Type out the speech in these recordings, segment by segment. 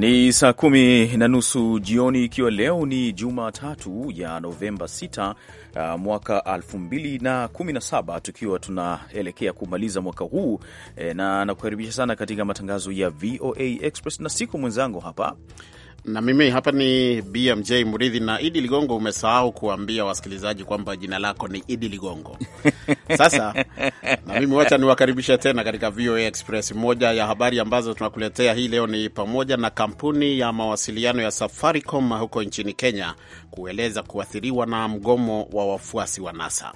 Ni saa kumi na nusu jioni, ikiwa leo ni Jumatatu ya Novemba 6 uh, mwaka 2017 tukiwa tunaelekea kumaliza mwaka huu e, na nakukaribisha sana katika matangazo ya VOA Express na siku mwenzangu hapa na mimi hapa ni BMJ Mridhi na Idi Ligongo. Umesahau kuambia wasikilizaji kwamba jina lako ni Idi Ligongo. Sasa na mimi wacha niwakaribishe tena katika VOA Express. Moja ya habari ambazo tunakuletea hii leo ni pamoja na kampuni ya mawasiliano ya Safaricom huko nchini Kenya kueleza kuathiriwa na mgomo wa wafuasi wa NASA.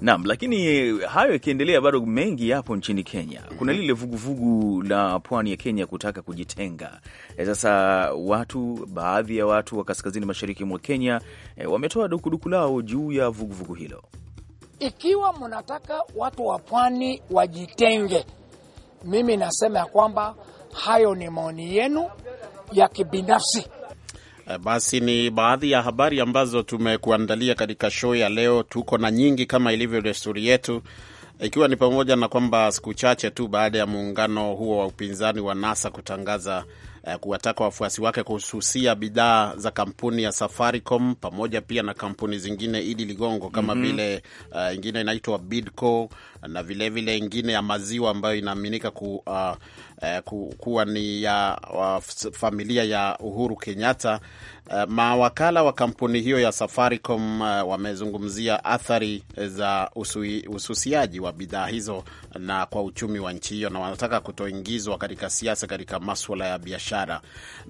Naam, lakini hayo yakiendelea, bado mengi yapo nchini Kenya. Kuna lile vuguvugu la pwani ya Kenya kutaka kujitenga. E, sasa watu, baadhi ya watu wa kaskazini mashariki mwa Kenya e, wametoa dukuduku lao juu ya vuguvugu vugu hilo. Ikiwa mnataka watu wa pwani wajitenge, mimi nasema ya kwamba hayo ni maoni yenu ya kibinafsi Eh, basi ni baadhi ya habari ambazo tumekuandalia katika show ya leo. Tuko na nyingi kama ilivyo desturi yetu, ikiwa ni pamoja na kwamba siku chache tu baada ya muungano huo wa upinzani wa NASA kutangaza eh, kuwataka wafuasi wake kuhususia bidhaa za kampuni ya Safaricom pamoja pia na kampuni zingine, Idi Ligongo, kama mhm. vile mm -hmm. uh, ingine inaitwa Bidco na vilevile ingine ya maziwa ambayo inaaminika ku, uh, uh, ku, kuwa ni ya uh, familia ya Uhuru Kenyatta. Uh, mawakala wa kampuni hiyo ya Safaricom uh, wamezungumzia athari za usui, ususiaji wa bidhaa hizo na kwa uchumi wa nchi hiyo, na wanataka kutoingizwa katika siasa katika maswala ya biashara.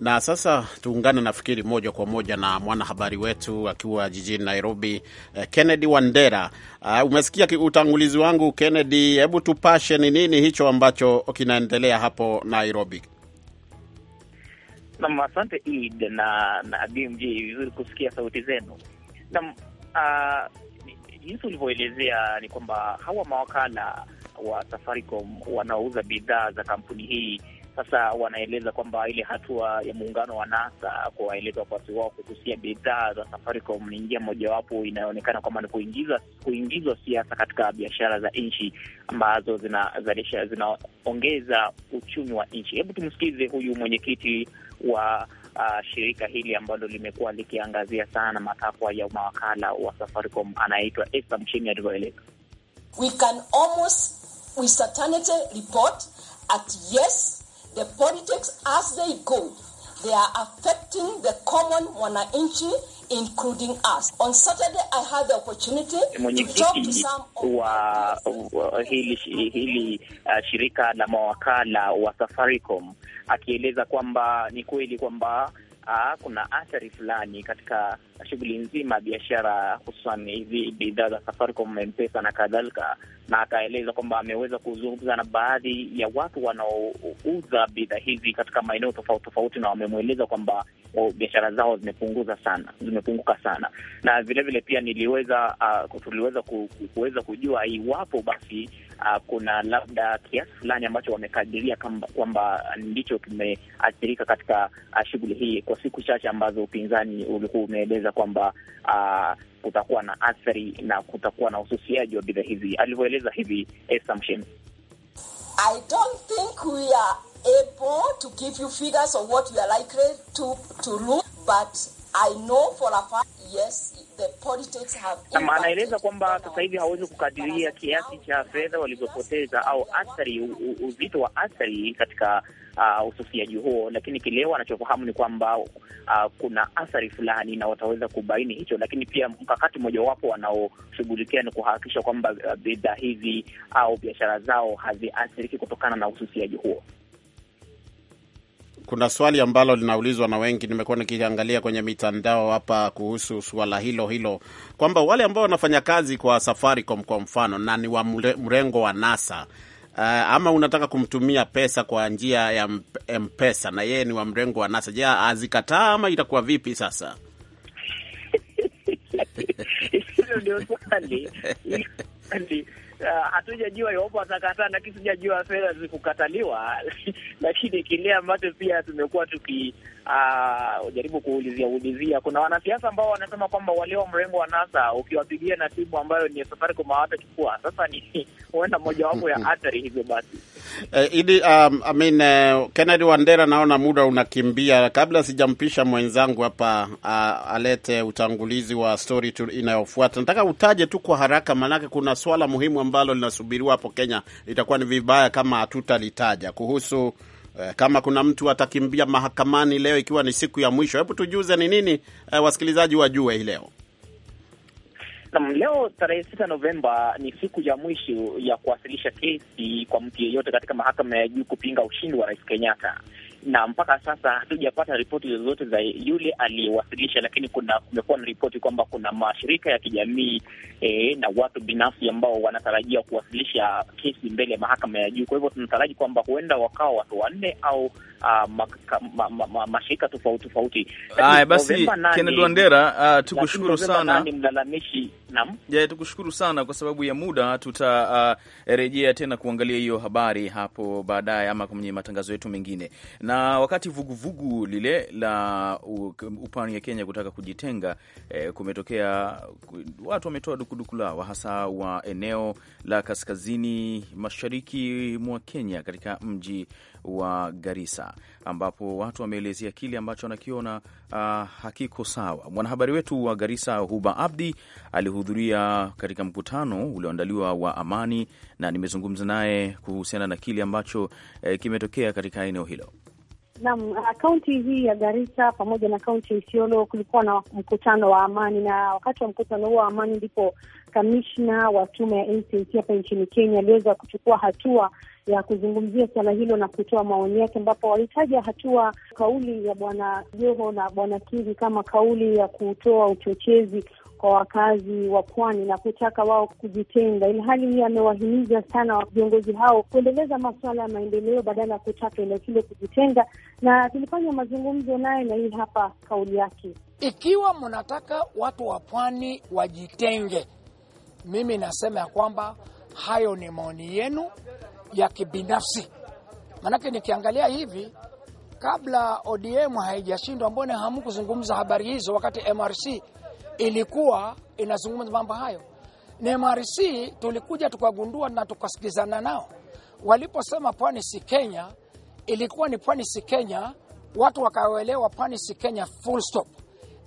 Na sasa tuungane, nafikiri moja kwa moja na mwanahabari wetu akiwa jijini Nairobi, uh, Kennedy Wandera. Uh, umesikia utangulizi wangu Ken Kennedy, hebu tupashe, ni nini hicho ambacho kinaendelea hapo Nairobi? Nam, asante Id na na BMJ, vizuri kusikia sauti zenu. Nam, ah, jinsi ulivyoelezea ni kwamba hawa mawakala wa Safaricom wanaouza bidhaa za kampuni hii sasa wanaeleza kwamba ile hatua ya muungano wa NASA kuwaeleza wafuasi wao kuhusia bidhaa za Safaricom ni njia mojawapo inayoonekana kwamba ni kuingizwa kuingizwa siasa katika biashara za nchi ambazo zinazalisha zinaongeza uchumi wa nchi. Hebu tumsikize huyu mwenyekiti wa Uh, shirika hili ambalo limekuwa likiangazia sana matakwa ya mawakala wa Safaricom anayeitwa Esa Mchini alivyoeleza. We can almost with certainty report at yes The politics as they go, they are affecting the common wananchi including us. On Saturday I had the opportunity to talk to some of wa, wa hili, hili uh, shirika la mawakala wa Safaricom akieleza kwamba ni kweli kwamba aa, ah, kuna athari fulani katika shughuli nzima ya biashara, hususan hizi bidhaa za Safaricom, Mpesa na kadhalika, na akaeleza kwamba ameweza kuzungumza na baadhi ya watu wanaouza bidhaa hizi katika maeneo tofauti tofauti, na wamemweleza kwamba biashara zao zimepunguza sana, zimepunguka sana, na vilevile vile pia niliweza uh, tuliweza ku, kuweza kujua iwapo basi uh, kuna labda kiasi fulani ambacho wamekadiria kwamba ndicho kimeathirika katika uh, shughuli hii, kwa siku chache ambazo upinzani ulikuwa umeeleza kwamba uh, kutakuwa na athari na kutakuwa na ususiaji wa bidhaa hizi, alivyoeleza hivi Esther I don't think we are able to give you figures of what are likely to, to lose, but yes, anaeleza kwamba sasa hivi hawezi kukadiria kiasi cha fedha walizopoteza au athari, uzito wa athari katika uh, ususiaji huo, lakini kileo wanachofahamu ni kwamba uh, kuna athari fulani na wataweza kubaini hicho, lakini pia mkakati mmojawapo wanaoshughulikia ni kuhakikisha kwamba uh, bidhaa hizi au biashara zao haziathiriki kutokana na ususiaji huo kuna swali ambalo linaulizwa na wengi, nimekuwa nikiangalia kwenye mitandao hapa kuhusu swala hilo hilo kwamba wale ambao wanafanya kazi kwa Safaricom kwa mfano na ni wa mrengo wa NASA Uh, ama unataka kumtumia pesa kwa njia ya mpesa na yeye ni wa mrengo wa NASA. Je, azikataa ama itakuwa vipi sasa? Eh, hatujajua iwapo atakataa, na sijajua fedha zikukataliwa, lakini kile ambacho pia tumekuwa tuki uh, ah, jaribu kuulizia ulizia. Kuna wanasiasa ambao wanasema kwamba wale mrengo wa NASA ukiwapigia na timu ambayo ni Safaricom hawatachukua. Sasa ni huenda mojawapo ya athari hivyo basi. Eh, idi um, I mean, uh, Kennedy Wandera, naona muda unakimbia. Kabla sijampisha mwenzangu hapa uh, alete utangulizi wa story inayofuata, nataka utaje tu kwa haraka, maanake kuna swala muhimu ambalo linasubiriwa hapo Kenya. Itakuwa ni vibaya kama hatutalitaja kuhusu Eh, kama kuna mtu atakimbia mahakamani leo ikiwa ni siku ya mwisho, hebu tujuze ni nini eh, wasikilizaji wajue hii leo. Leo tarehe sita Novemba ni siku ya mwisho ya kuwasilisha kesi kwa mtu yeyote katika mahakama ya juu kupinga ushindi wa Rais Kenyatta na mpaka sasa hatujapata ripoti zozote za yule aliyewasilisha, lakini kuna kumekuwa na ripoti kwamba kuna mashirika ya kijamii e, na watu binafsi ambao wanatarajia kuwasilisha kesi mbele ya mahakama ya juu. Kwa hivyo tunataraji kwamba huenda wakawa watu wanne au uh, mashirika tofauti tofauti. Haya basi, Kennedy Wandera, ah, tukushukuru sana mlalamishi nam ja, tukushukuru sana kwa sababu ya muda, tutarejea ah, uh, tena kuangalia hiyo habari hapo baadaye ama kwenye matangazo yetu mengine. Na wakati vuguvugu vugu lile la upande ya Kenya kutaka kujitenga, eh, kumetokea watu wametoa dukuduku lao hasa wa eneo la kaskazini mashariki mwa Kenya katika mji wa Garissa, ambapo watu wameelezea kile ambacho wanakiona uh, hakiko sawa. Mwanahabari wetu wa Garissa, Huba Abdi, alihudhuria katika mkutano ulioandaliwa wa amani, na nimezungumza naye kuhusiana na kile ambacho eh, kimetokea katika eneo hilo. Naam, uh, kaunti hii ya Garissa pamoja na kaunti ya Isiolo kulikuwa na mkutano wa amani, na wakati wa mkutano huo wa amani ndipo kamishna wa tume ya NCIC hapa nchini Kenya aliweza kuchukua hatua ya kuzungumzia suala hilo na kutoa maoni yake, ambapo walitaja hatua kauli ya bwana Joho na bwana Kiri kama kauli ya kutoa uchochezi kwa wakazi wa pwani na kutaka wao kujitenga, ili hali hii amewahimiza sana viongozi hao kuendeleza masuala ya maendeleo badala ya kutaka eneo hilo kujitenga, na tulifanya mazungumzo naye na hii hapa kauli yake: ikiwa mnataka watu wa pwani wajitenge, mimi nasema ya kwamba hayo ni maoni yenu ya kibinafsi. maanake nikiangalia hivi, kabla ODM haijashindwa, mbona hamkuzungumza habari hizo wakati MRC ilikuwa inazungumza mambo hayo. Na MRC tulikuja tukagundua na tukasikizana nao waliposema pwani si Kenya, ilikuwa ni pwani si Kenya, watu wakaelewa pwani si Kenya full stop,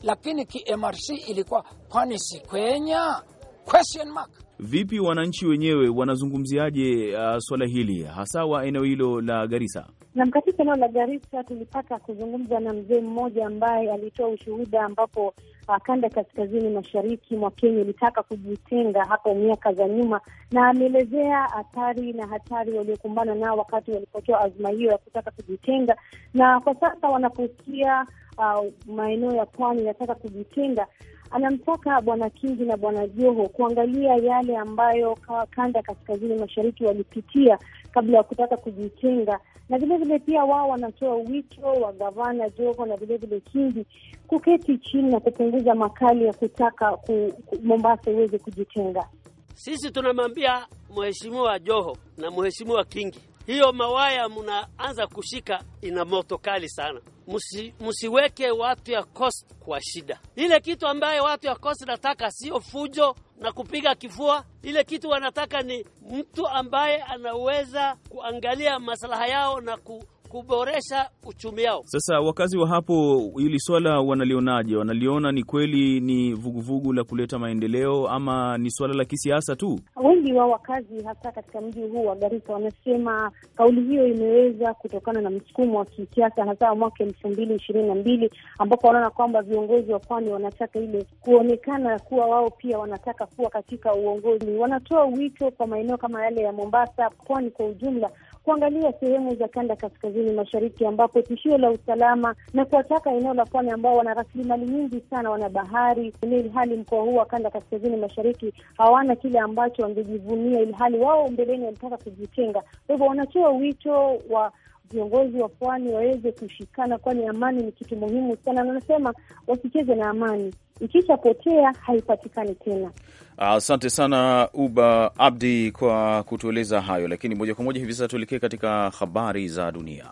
lakini kiMRC ilikuwa pwani si Kenya question mark. Vipi wananchi wenyewe wanazungumziaje uh, swala hili hasa wa eneo hilo la Garissa? Na katika eneo la Garissa tulipata kuzungumza na mzee mmoja ambaye alitoa ushuhuda ambapo ah, kanda kaskazini mashariki mwa Kenya ilitaka kujitenga hapo miaka za nyuma, na ameelezea athari na hatari waliokumbana nao wakati walipotoa azma hiyo ya kutaka kujitenga, na kwa sasa wanaposikia uh, ah, maeneo ya pwani yanataka kujitenga anamtaka Bwana Kingi na Bwana Joho kuangalia yale ambayo kanda kaskazini mashariki walipitia kabla ya kutaka kujitenga, na vilevile pia wao wanatoa wito wa gavana Joho na vilevile Kingi kuketi chini na kupunguza makali ya kutaka ku, ku, Mombasa iweze kujitenga. Sisi tunamwambia Mheshimiwa Joho na Mheshimiwa Kingi, hiyo mawaya mnaanza kushika ina moto kali sana musi, musiweke watu ya Coast kwa shida. Ile kitu ambaye watu ya Coast nataka sio fujo na kupiga kifua. Ile kitu wanataka ni mtu ambaye anaweza kuangalia maslaha yao na ku kuboresha uchumi wao. Sasa wakazi wa hapo hili swala wanalionaje? Wanaliona ni kweli ni vuguvugu la kuleta maendeleo ama ni swala la kisiasa tu? Wengi wa wakazi hasa katika mji huu wa Garissa wanasema kauli hiyo imeweza kutokana na msukumo wa kisiasa, hasa mwaka elfu mbili ishirini na mbili ambapo wanaona kwamba viongozi wa pwani wanataka ile kuonekana kuwa wao pia wanataka kuwa katika uongozi. Wanatoa wito kwa maeneo kama yale ya Mombasa, pwani kwa ujumla kuangalia sehemu za kanda kaskazini mashariki, ambapo tishio la usalama na kuwataka eneo la pwani ambao wana rasilimali nyingi sana, wana bahari, ilhali mkoa huu wa kanda kaskazini mashariki hawana kile ambacho wangejivunia, ilhali wao mbeleni walitaka kujitenga. Kwa hivyo wanatoa wito wa viongozi wa pwani waweze kushikana, kwani amani ni kitu muhimu sana, na wanasema wasicheze na amani ikishapotea haipatikani tena. Asante sana Uba Abdi kwa kutueleza hayo, lakini moja kwa moja hivi sasa tuelekee katika habari za dunia.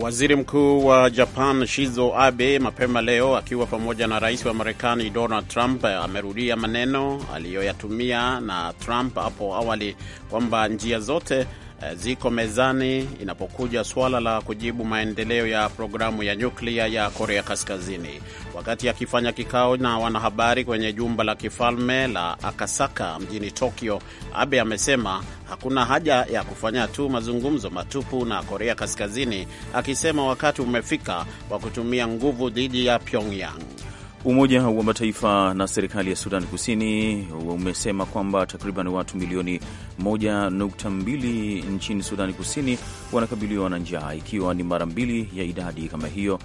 Waziri Mkuu wa Japan Shizo Abe mapema leo akiwa pamoja na rais wa Marekani Donald Trump amerudia maneno aliyoyatumia na Trump hapo awali kwamba njia zote Eh, ziko mezani inapokuja suala la kujibu maendeleo ya programu ya nyuklia ya Korea Kaskazini. Wakati akifanya kikao na wanahabari kwenye jumba la kifalme la Akasaka mjini Tokyo, Abe amesema hakuna haja ya kufanya tu mazungumzo matupu na Korea Kaskazini, akisema wakati umefika wa kutumia nguvu dhidi ya Pyongyang. Umoja wa Mataifa na serikali ya Sudan Kusini umesema kwamba takriban watu milioni 1.2 nchini Sudan Kusini wanakabiliwa na njaa, ikiwa ni mara mbili ya idadi kama hiyo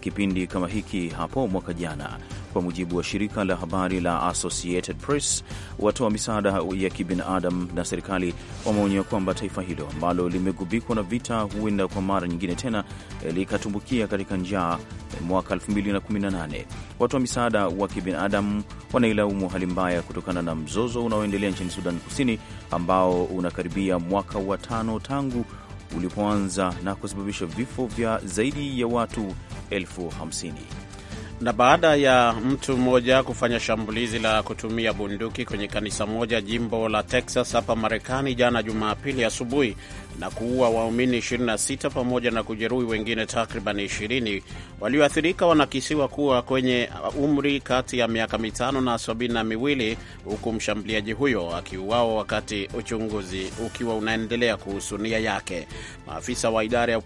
kipindi kama hiki hapo mwaka jana. Kwa mujibu wa shirika la habari la Associated Press, watoa misaada ya kibinadam na serikali wameonya kwamba taifa hilo ambalo limegubikwa na vita huenda kwa mara nyingine tena likatumbukia katika njaa mwaka 2018. Watoa misaada wa kibinadamu wanailaumu hali mbaya kutokana na mzozo unaoendelea nchini Sudan Kusini ambao unakaribia mwaka wa tano tangu ulipoanza na kusababisha vifo vya zaidi ya watu elfu hamsini. Na baada ya mtu mmoja kufanya shambulizi la kutumia bunduki kwenye kanisa moja jimbo la Texas hapa Marekani jana Jumapili asubuhi, na kuua waumini 26 pamoja na kujeruhi wengine takriban 20. Walioathirika wanakisiwa kuwa kwenye umri kati ya miaka mitano na sabini na miwili, huku mshambuliaji huyo akiuawa wakati uchunguzi ukiwa unaendelea kuhusu nia yake. Maafisa wa idara ya,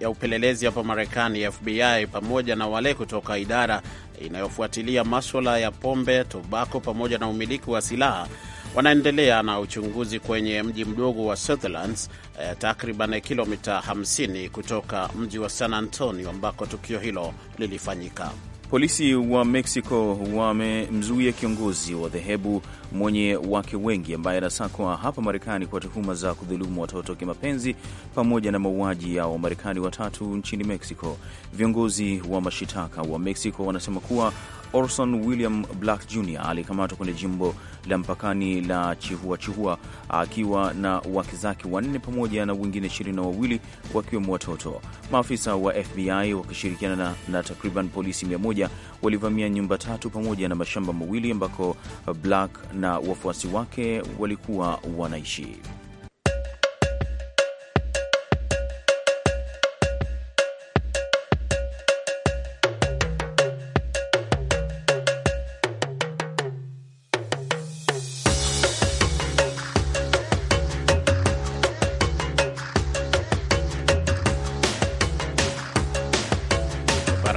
ya upelelezi hapa Marekani FBI pamoja na wale kutoka idara inayofuatilia maswala ya pombe, tobako pamoja na umiliki wa silaha wanaendelea na uchunguzi kwenye mji mdogo wa Sutherlands eh, takriban kilomita 50 kutoka mji wa San Antonio ambako tukio hilo lilifanyika. Polisi wa Mexico wamemzuia kiongozi wa dhehebu mwenye wake wengi ambaye anasakwa hapa Marekani kwa tuhuma za kudhulumu watoto kimapenzi pamoja na mauaji ya Wamarekani watatu nchini Mexico. Viongozi wa mashitaka wa Mexico wanasema kuwa Orson William Black Jr alikamatwa kwenye jimbo la mpakani la Chihua Chihua akiwa na wake zake wanne pamoja na wengine ishirini na wawili wakiwemo watoto. Maafisa wa FBI wakishirikiana na, na takriban polisi mia moja walivamia nyumba tatu pamoja na mashamba mawili ambako Black na wafuasi wake walikuwa wanaishi.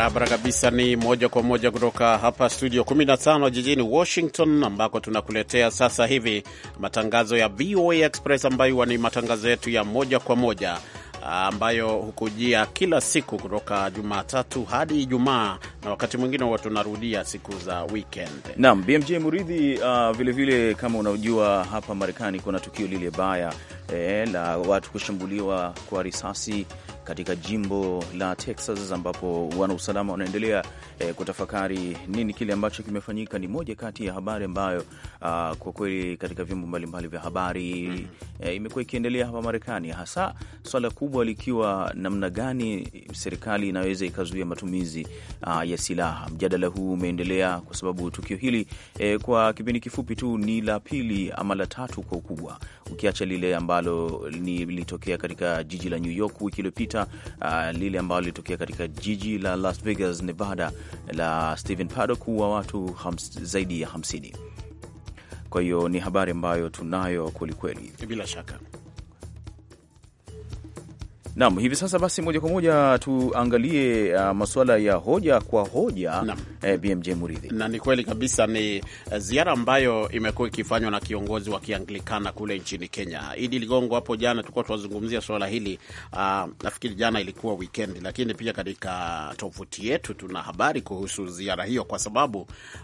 Barabara kabisa, ni moja kwa moja kutoka hapa studio 15 jijini Washington, ambako tunakuletea sasa hivi matangazo ya VOA Express ambayo ni matangazo yetu ya moja kwa moja ambayo hukujia kila siku kutoka Jumatatu hadi Ijumaa na wakati mwingine huwa tunarudia siku za weekend. Naam, BMJ Muridhi. Uh, vilevile kama unaojua hapa Marekani kuna tukio lile baya eh, la watu kushambuliwa kwa risasi katika jimbo la Texas ambapo wanausalama wanaendelea e, kutafakari nini kile ambacho kimefanyika. Ni moja kati ya habari ambayo a, ah, kwa kweli katika vyombo mbalimbali vya habari mm -hmm. e, imekuwa ikiendelea hapa Marekani, hasa swala kubwa likiwa namna gani serikali inaweza ikazuia matumizi a, ah, ya silaha. Mjadala huu umeendelea kwa sababu tukio hili e, kwa kipindi kifupi tu ni la pili ama la tatu kwa ukubwa, ukiacha lile ambalo lilitokea katika jiji la New York wiki iliyopita, ah, lile ambalo lilitokea katika jiji la Las Vegas, Nevada la Stephen Paddock kuua watu hams, zaidi ya 50. Kwa hiyo ni habari ambayo tunayo kwelikweli, bila shaka. Naam, hivi sasa basi moja kwa moja tuangalie uh, masuala ya hoja kwa hoja eh, BMJ Muridhi. Na ni kweli kabisa ni eh, ziara ambayo imekuwa ikifanywa na kiongozi wa Kianglikana kule nchini Kenya, Idi Ligongo. Hapo jana tulikuwa tunazungumzia swala hili uh, nafikiri jana ilikuwa weekend, lakini pia katika tovuti yetu tuna habari kuhusu ziara hiyo, kwa sababu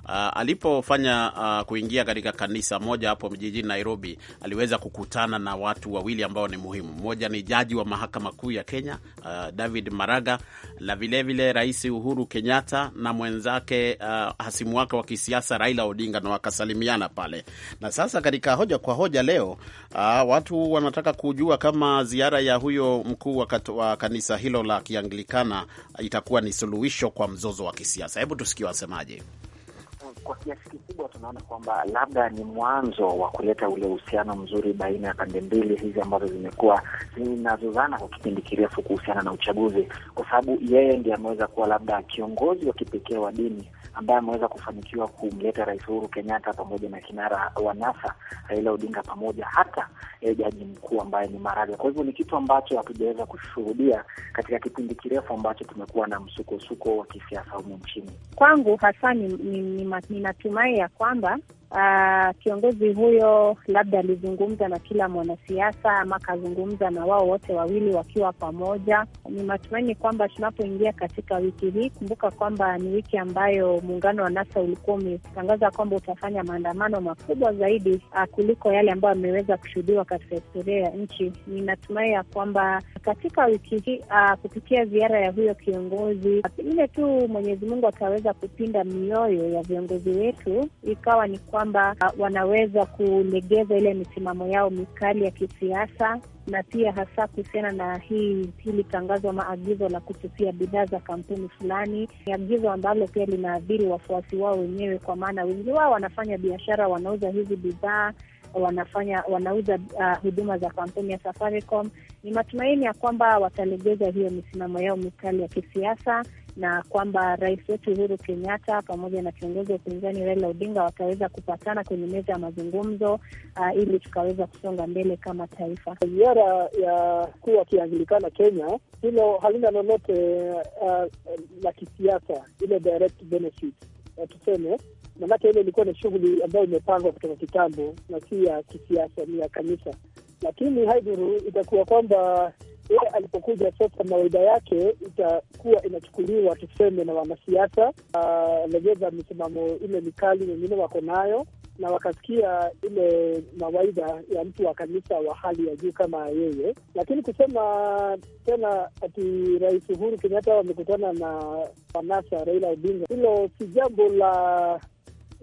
uh, alipofanya uh, kuingia katika kanisa moja hapo mjijini Nairobi, aliweza kukutana na watu wawili ambao ni muhimu. Mmoja ni jaji wa mahakama kuu ya Kenya uh, David Maraga na vilevile Rais Uhuru Kenyatta na mwenzake uh, hasimu wake wa kisiasa Raila Odinga na wakasalimiana pale. Na sasa katika hoja kwa hoja leo uh, watu wanataka kujua kama ziara ya huyo mkuu wa kanisa hilo la Kianglikana itakuwa ni suluhisho kwa mzozo wa kisiasa. Hebu tusikie wasemaje kwa kiasi kikubwa tunaona kwamba labda ni mwanzo wa kuleta ule uhusiano mzuri baina ya pande mbili hizi ambazo zimekuwa zinazozana kwa kipindi kirefu kuhusiana na uchaguzi, kwa sababu yeye ndiye ameweza kuwa labda kiongozi wa kipekee wa dini ambaye ameweza kufanikiwa kumleta Rais Uhuru Kenyatta pamoja na kinara wa NASA Raila Odinga pamoja hata eh, jaji mkuu ambaye ni Maraga. Kwa hivyo ni kitu ambacho hatujaweza kushuhudia katika kipindi kirefu ambacho tumekuwa na msukosuko wa kisiasa humu nchini. Kwangu hasa ninatumai ni, ni, ni ya kwamba Uh, kiongozi huyo labda alizungumza na kila mwanasiasa ama akazungumza na wao wote wawili wakiwa pamoja. Ni matumaini kwamba tunapoingia katika wiki hii, kumbuka kwamba ni wiki ambayo muungano wa NASA ulikuwa umetangaza kwamba utafanya maandamano makubwa zaidi uh, kuliko yale ambayo ameweza kushuhudiwa katika historia ya nchi. Ninatumai ya kwamba katika wiki hii uh, kupitia ziara ya huyo kiongozi, pengine tu Mwenyezi Mungu kupinda mioyo ya viongozi wetu, ikawa ni kwamba uh, wanaweza kulegeza ile misimamo yao mikali ya kisiasa na pia hasa kuhusiana na hii hili tangazo ama agizo la kususia bidhaa za kampuni fulani. Ni agizo ambalo pia linaathiri wafuasi wao wenyewe, kwa maana wengi wao wanafanya biashara, wanauza hizi bidhaa wanafanya wanauza uh, huduma za kampuni ya Safaricom. Ni matumaini ya kwamba watalegeza hiyo misimamo yao mikali ya kisiasa na kwamba rais wetu Uhuru Kenyatta pamoja na kiongozi wa upinzani Raila Odinga wataweza kupatana kwenye meza ya mazungumzo uh, ili tukaweza kusonga mbele kama taifa. Ziara ya kuu akiangilikana Kenya, hilo halina lolote uh, la kisiasa, ile direct benefit uh, tuseme maanake ile ilikuwa ni shughuli ambayo imepangwa kutoka kitambo na si ya kisiasa, ni ya kanisa. Lakini haidhuru itakuwa kwamba yeye alipokuja sasa, mawaida yake itakuwa inachukuliwa tuseme, na wanasiasa ah, legeza misimamo ile mikali wengine wako nayo, na wakasikia ile mawaidha ya mtu wa kanisa wa hali ya juu kama yeye. Lakini kusema tena ati Rais Uhuru Kenyatta wamekutana na wanasa Raila Odinga, hilo si jambo la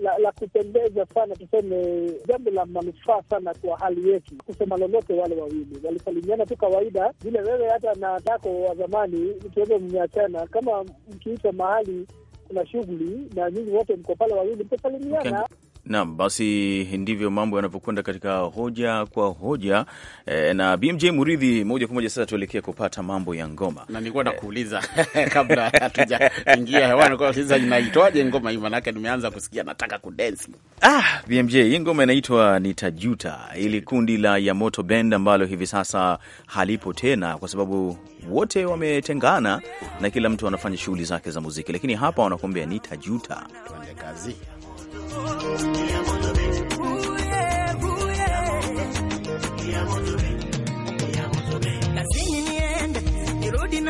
la, la kupendeza sana, tuseme jambo la manufaa sana kwa hali yetu. Kusema lolote, wale wawili walisalimiana tu kawaida vile, wewe hata na tako wa zamani tuweze mmeachana, kama mkiita mahali kuna shughuli na nyinyi wote mko pale wawili mtasalimiana, okay. Naam, basi ndivyo mambo yanavyokwenda katika hoja kwa hoja e, na BMJ Muridhi. Moja kwa moja sasa tuelekea kupata mambo ya ngoma, na nilikuwa eh. nakuuliza kabla hatujaingia hewani kwa sasa, inaitwaje ngoma hii? Manake nimeanza kusikia nataka kudensi. Ah, BMJ, hii ngoma inaitwa Nitajuta, ili kundi la Yamoto Band ambalo hivi sasa halipo tena kwa sababu wote wametengana na kila mtu anafanya shughuli zake za muziki, lakini hapa wanakuambia nitajuta. Tuende kazi.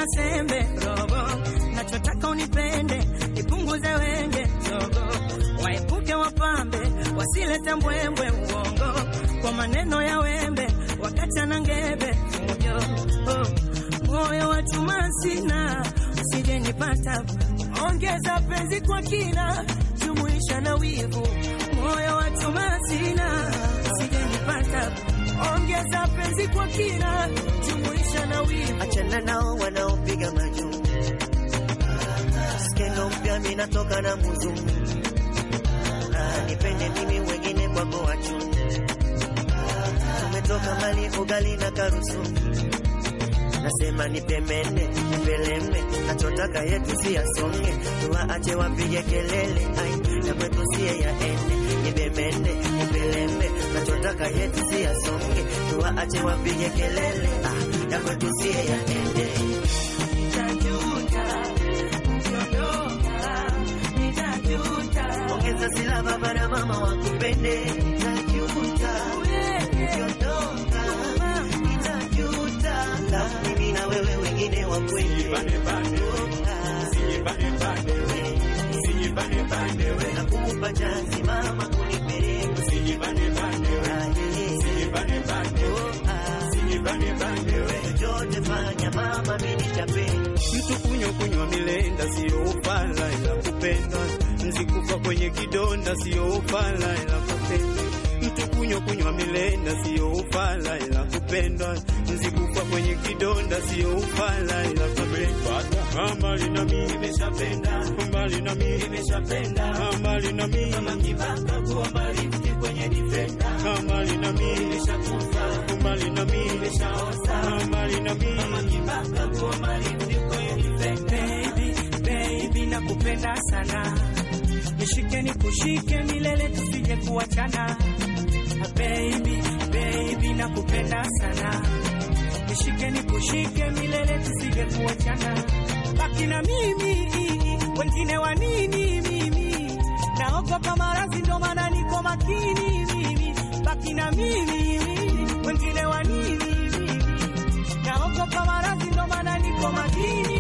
na sembe robo, nachotaka unipende, nipunguze wenge zogo, waepuke wapambe, wasilete mbwembwe uongo, kwa maneno ya wembe, wakati ana ngebe fujo. Oh, moyo wa chuma sina, usije nipata, ongeza penzi kwa kina, jumuisha na wivu, moyo wa chuma sina ongeza penzi kwa kina, jumuisha na wimbo, achana nao wanaopiga majuu. Skendo mpya natoka na muzungu, na nipende mimi wengine kwako wachu. Tumetoka mali ugali na karusu, nasema nipemene peleme, nachotaka yetu si yasonge, tuwaache wapige kelele, ai ya kwetu siye yaende, nipemene peleme nachotaka yetu si yasonge, tuwaache wapige kelele, ah, ya kwetu si yaende ongeza sila baba na mama wakupende mimi na wewe wengine wakwende sio ufala ila kupenda, nzikufa kwenye kidonda sio ufala ila kupenda, mtu kunywa kunywa milenda sio ufala ila kupenda, nzikufa kwenye kidonda sio ufala ila kupenda, mbali na mimi nimeshapenda, mbali na mimi nimeshapenda, mbali na mimi kama kibaka kwa mbali kwenye defender, mbali na mimi nimeshakufa, mbali na mimi nimeshaosa, mbali na mimi kama kibaka kwa mbali nakupenda sana, nishike nikushike milele tusije kuachana. Ah, baby, baby, nakupenda sana, nishike nikushike milele tusije kuachana. Baki na mimi, wengine wa nini? Mimi naogopa marazi, ndo maana niko makini mimi. Baki na mimi, wengine wa nini? Mimi Naogopa marazi, ndo maana niko makini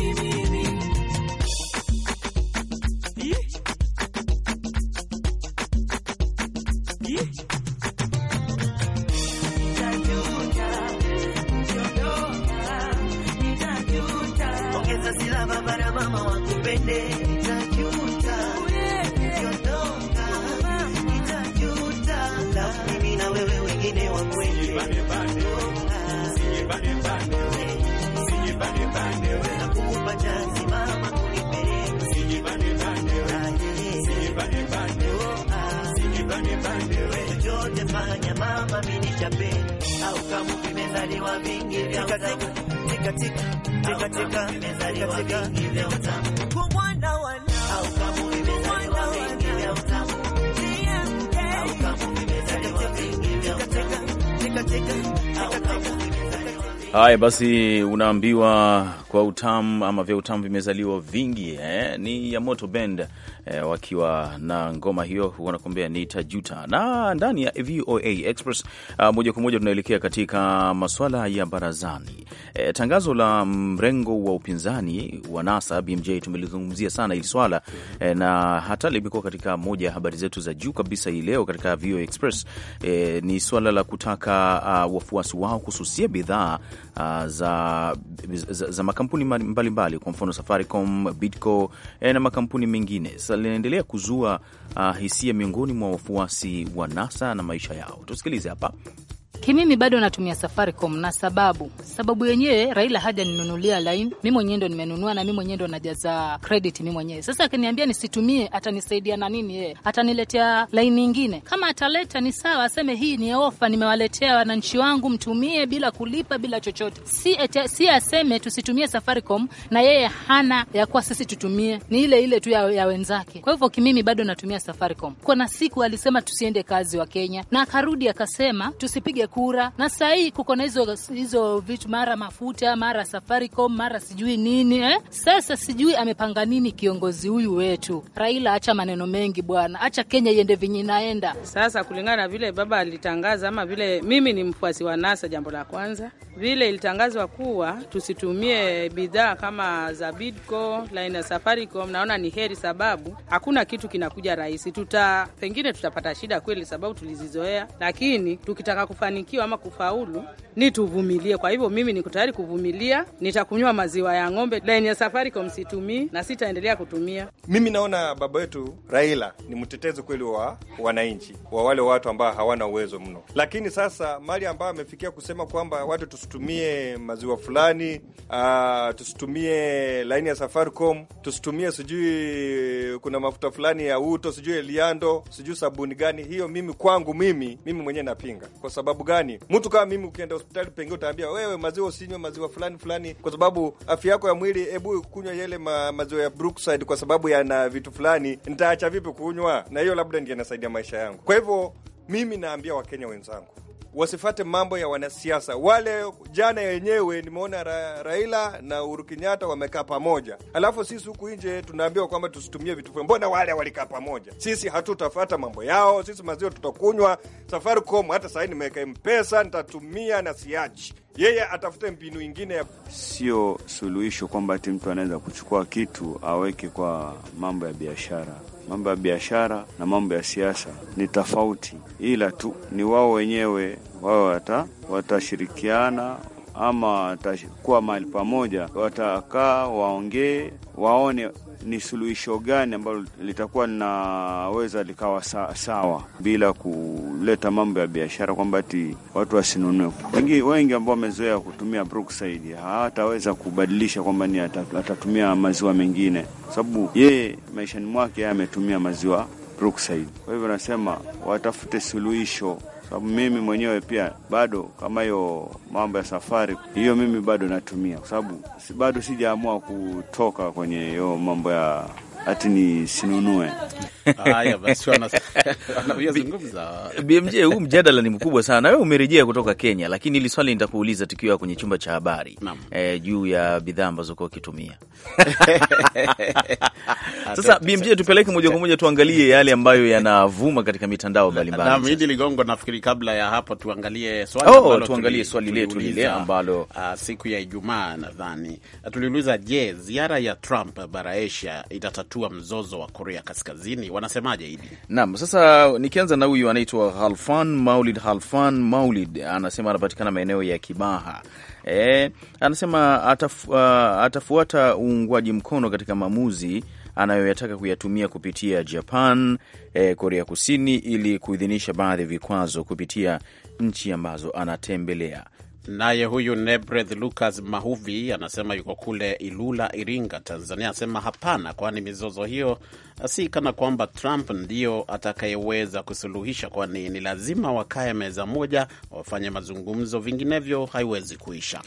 fanya mama au kama vingi vya tika tika tika tika tika tika tika tika Haya basi, unaambiwa kwa utamu ama vya utamu vimezaliwa vingi eh, ni ya Moto bend eh, wakiwa na ngoma hiyo wanakuambia ni tajuta. Na ndani ya VOA Express uh, moja kwa moja tunaelekea katika maswala ya barazani. Eh, tangazo la mrengo wa upinzani wa NASA BMJ tumelizungumzia sana hili swala eh, na hata limekuwa katika moja ya habari zetu za juu kabisa hii leo katika VOA Express eh, ni swala la kutaka uh, wafuasi wao kususia bidhaa Uh, za, za, za makampuni mbalimbali mbali, kwa mfano Safaricom, Bitco eh, na makampuni mengine linaendelea kuzua uh, hisia miongoni mwa wafuasi wa NASA na maisha yao. Tusikilize hapa Kimimi bado natumia Safaricom na sababu sababu yenyewe Raila haja ninunulia line, mi mwenyewe ndo nimenunua na mi mwenyewe ndo najaza credit mi mwenyewe. Sasa akiniambia nisitumie, atanisaidia na nini yeye? Ataniletea line nyingine. Kama ataleta ni sawa, aseme hii ni ofa nimewaletea wananchi wangu, mtumie bila kulipa bila chochote. Si etia, si aseme tusitumie Safaricom na yeye hana ya kuwa sisi tutumie. Ni ile ile tu ya, ya wenzake. Kwa hivyo kimimi bado natumia Safaricom. Kuna siku alisema tusiende kazi wa Kenya na akarudi akasema tusipige kura, na saa hii kuko na hizo hizo vitu, mara mafuta, mara Safaricom, mara sijui nini eh? Sasa sijui amepanga nini kiongozi huyu wetu Raila. Acha maneno mengi bwana, acha Kenya iende vinyi naenda sasa, kulingana na vile baba alitangaza, ama vile mimi ni mfuasi wa NASA. Jambo la kwanza vile ilitangazwa kuwa tusitumie bidhaa kama za Bidco na Safaricom, naona ni heri, sababu hakuna kitu kinakuja rahisi. Tuta pengine tutapata shida kweli, sababu tulizizoea, lakini tukitaka kufani kufanikiwa ama kufaulu ni tuvumilie. Kwa hivyo mimi niko tayari kuvumilia, nitakunywa maziwa ya ng'ombe. Laini ya Safaricom situmii na sitaendelea kutumia. Mimi naona baba yetu Raila ni mtetezi kweli wa wananchi, wa wale watu ambao hawana uwezo mno, lakini sasa mali ambayo amefikia kusema kwamba watu tusitumie maziwa fulani, uh, tusitumie laini ya Safaricom, tusitumie sijui kuna mafuta fulani ya uto, sijui Eliando, sijui sabuni gani hiyo. Mimi kwangu mimi mimi mwenyewe napinga kwa sababu gani? Mtu kama mimi, ukienda hospitali pengine utaambia wewe, maziwa usinywe maziwa fulani fulani, kwa sababu afya yako ya mwili, hebu kunywa yale ma, maziwa ya Brookside kwa sababu yana vitu fulani. Nitaacha vipi kunywa? Na hiyo labda ndio inasaidia maisha yangu. Kwa hivyo mimi naambia Wakenya wenzangu wasifate mambo ya wanasiasa wale. Jana yenyewe nimeona Ra Raila na Uhuru Kenyatta wamekaa pamoja, alafu sisi huku nje tunaambiwa kwamba tusitumie vitu Mbona wale walikaa pamoja? Sisi hatutafata mambo yao, sisi maziwa tutakunywa. Safaricom hata sahii nimeweka Mpesa, nitatumia na siachi yeye atafute mbinu ingine ya... sio suluhisho kwamba ati mtu anaweza kuchukua kitu aweke kwa mambo ya biashara mambo ya biashara na mambo ya siasa ni tofauti, ila tu ni wao wenyewe wao watashirikiana ama watakuwa mahali pamoja, watakaa waongee, waone ni suluhisho gani ambalo litakuwa linaweza likawa sawa, bila kuleta mambo ya biashara kwamba ati watu wasinunue. Wengi wengi ambao wamezoea kutumia Brookside hawataweza kubadilisha kwamba ni atatumia maziwa mengine, sababu yeye maishani mwake ametumia maziwa Brookside. Kwa hivyo nasema watafute suluhisho sababu mimi mwenyewe pia bado kama hiyo mambo ya safari hiyo, mimi bado natumia, kwa sababu bado sijaamua kutoka kwenye hiyo mambo ya ati ni sinunue. BMJ. Huu mjadala ni mkubwa sana. Wewe umerejea kutoka Kenya, lakini hili swali nitakuuliza tukiwa kwenye chumba cha habari e, juu ya bidhaa ambazo kuwa ukitumia sasa. BMJ, tupeleke moja kwa moja tuangalie yale ambayo yanavuma katika mitandao mbalimbali. ligongo, nafikiri kabla ya hapo tuangalie swali oh, tuangalie swali letu lile ambalo uh, siku ya Ijumaa nadhani tuliuliza, je, ziara ya Trump bara Asia itata kutatua mzozo wa Korea Kaskazini. Wanasemaje hili? Naam, sasa nikianza na huyu anaitwa Halfan Maulid. Halfan Maulid anasema anapatikana maeneo ya Kibaha. E, anasema atafu, uh, atafuata uungwaji mkono katika maamuzi anayoyataka kuyatumia kupitia Japan, e, Korea Kusini ili kuidhinisha baadhi ya vikwazo kupitia nchi ambazo anatembelea. Naye huyu Nebreth Lucas Mahuvi anasema yuko kule Ilula, Iringa, Tanzania, asema hapana, kwani mizozo hiyo si kana kwamba Trump ndiyo atakayeweza kusuluhisha, kwani ni lazima wakae meza moja, wafanye mazungumzo, vinginevyo haiwezi kuisha.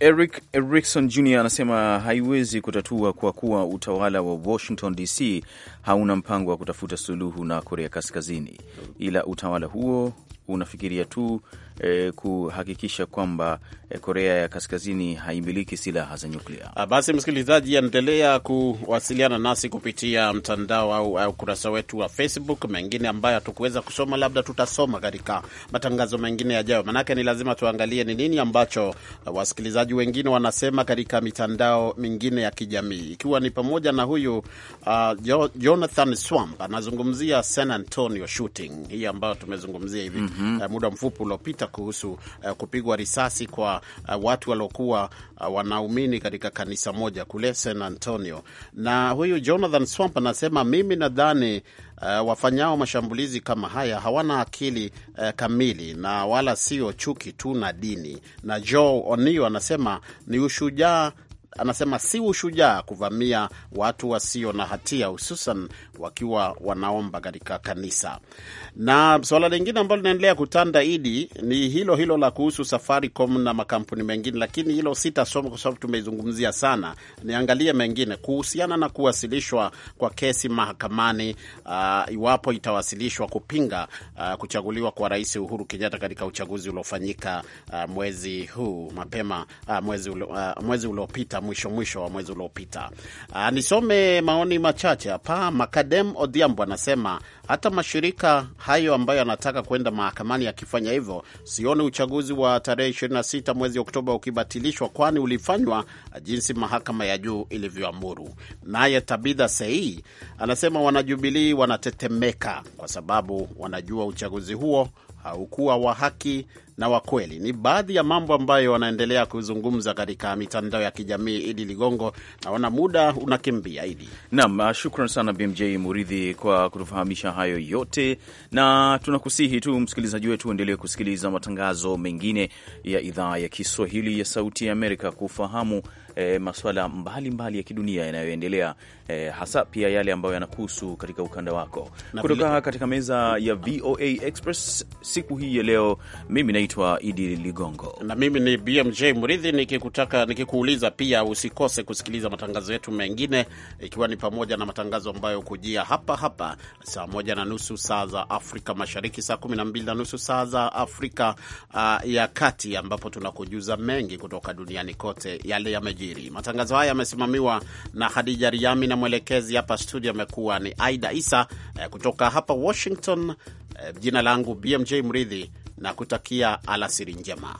Eric Erikson Jr anasema haiwezi kutatua kwa kuwa utawala wa Washington DC hauna mpango wa kutafuta suluhu na Korea Kaskazini, ila utawala huo unafikiria tu eh, kuhakikisha kwamba eh, Korea ya Kaskazini haimiliki silaha za nyuklia. Ah, basi msikilizaji, anaendelea kuwasiliana nasi kupitia mtandao au ukurasa wetu wa Facebook. Mengine ambayo hatukuweza kusoma, labda tutasoma katika matangazo mengine yajayo, manake ni lazima tuangalie ni nini ambacho ah, wasikilizaji wengine wanasema katika mitandao mingine ya kijamii, ikiwa ni pamoja na huyu uh, Jonathan Swamp anazungumzia San Antonio shooting hii ambayo tumezungumzia hivi mm -hmm. muda mfupi uliopita kuhusu uh, kupigwa risasi kwa uh, watu waliokuwa uh, wanaumini katika kanisa moja kule San Antonio. Na huyu Jonathan Swamp anasema mimi nadhani Uh, wafanyao mashambulizi kama haya hawana akili uh, kamili na wala sio chuki tu na dini. Na Joe Onio anasema ni ushujaa, anasema si ushujaa kuvamia watu wasio na hatia, hususan wakiwa wanaomba katika kanisa. Na suala lingine ambalo linaendelea kutanda idi ni hilo hilo la kuhusu Safaricom na makampuni mengine, lakini hilo sitasoma kwa sababu tumeizungumzia sana. Niangalie mengine kuhusiana na kuwasilishwa kwa kesi mahakamani, uh, iwapo itawasilishwa kupinga uh, kuchaguliwa kwa Rais Uhuru Kenyatta katika uchaguzi uliofanyika uh, mwezi huu mapema uh, mwezi ulo, uh, mwezi uliopita mwisho mwisho wa mwezi uliopita. Uh, nisome maoni machache hapa. Makadi Adem Odhiambo anasema hata mashirika hayo ambayo yanataka kwenda mahakamani yakifanya hivyo, sioni uchaguzi wa tarehe 26 mwezi Oktoba ukibatilishwa, kwani ulifanywa jinsi mahakama ya juu ilivyoamuru. Naye Tabitha Sei anasema wanajubilii wanatetemeka kwa sababu wanajua uchaguzi huo haukuwa wa haki na wa kweli. Ni baadhi ya mambo ambayo wanaendelea kuzungumza katika mitandao ya kijamii. Idi Ligongo, naona muda unakimbia. Idi nam, ah, shukran sana BMJ Muridhi kwa kutufahamisha hayo yote, na tunakusihi tu msikilizaji wetu uendelee kusikiliza matangazo mengine ya idhaa ya Kiswahili ya Sauti ya Amerika kufahamu eh, masuala mbalimbali mbali ya kidunia yanayoendelea eh, hasa pia yale ambayo yanakuhusu katika ukanda wako. Kutoka katika meza ya VOA Express siku hii ya leo, mimi naitwa Idi Ligongo na mimi ni BMJ Mridhi, nikikutaka nikikuuliza pia usikose kusikiliza matangazo yetu mengine, ikiwa ni pamoja na matangazo ambayo kujia hapa hapa saa moja na nusu saa za Afrika Mashariki, saa kumi na mbili na nusu saa za Afrika uh, ya Kati, ambapo tunakujuza mengi kutoka duniani kote yale yamejiri. Matangazo haya yamesimamiwa na Hadija Riami na mwelekezi hapa studio amekuwa ni Aida Isa eh, kutoka hapa Washington. Eh, jina langu BMJ Mridhi na kutakia alasiri njema.